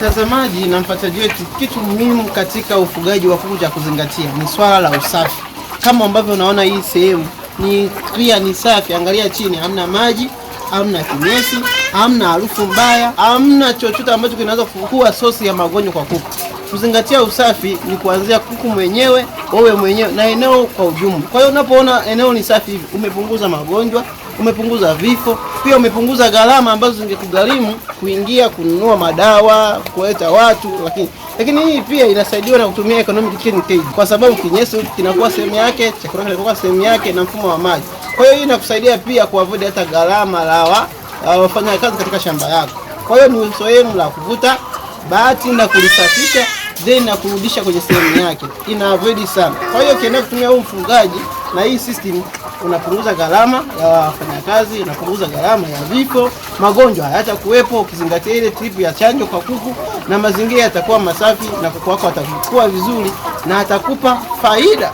Mtazamaji na mfuatiliaji wetu, kitu muhimu katika ufugaji wa kuku cha kuzingatia ni swala la usafi. Kama ambavyo unaona hii sehemu ni clear, ni safi, angalia chini, hamna maji, hamna kinyesi, hamna harufu mbaya, hamna chochote ambacho kinaweza kuwa sosi ya magonjwa kwa kuku. Kuzingatia usafi ni kuanzia kuku mwenyewe, wewe mwenyewe na eneo kwa ujumla. Kwa hiyo unapoona eneo ni safi hivi, umepunguza magonjwa umepunguza vifo, pia umepunguza gharama ambazo zingekugharimu kuingia kununua madawa, kuleta watu. Lakini lakini hii pia inasaidiwa na kutumia economic chain cage, kwa sababu kinyesi kinakuwa sehemu yake, chakula kinakuwa sehemu yake na mfumo wa maji. Kwa hiyo hii inakusaidia pia kuavoid hata gharama la wafanya kazi katika shamba yako. Kwa hiyo ni sehemu la kuvuta bahati na kulisafisha then na kurudisha kwenye sehemu yake, ina avoid sana. Kwa hiyo ukienda kutumia huu mfungaji na hii system unapunguza gharama ya wafanyakazi, unapunguza gharama ya vifo, magonjwa kuwepo ukizingatia ile trip ya chanjo kwa kuku, na mazingira yatakuwa masafi na kuku wako atakuwa vizuri na atakupa faida.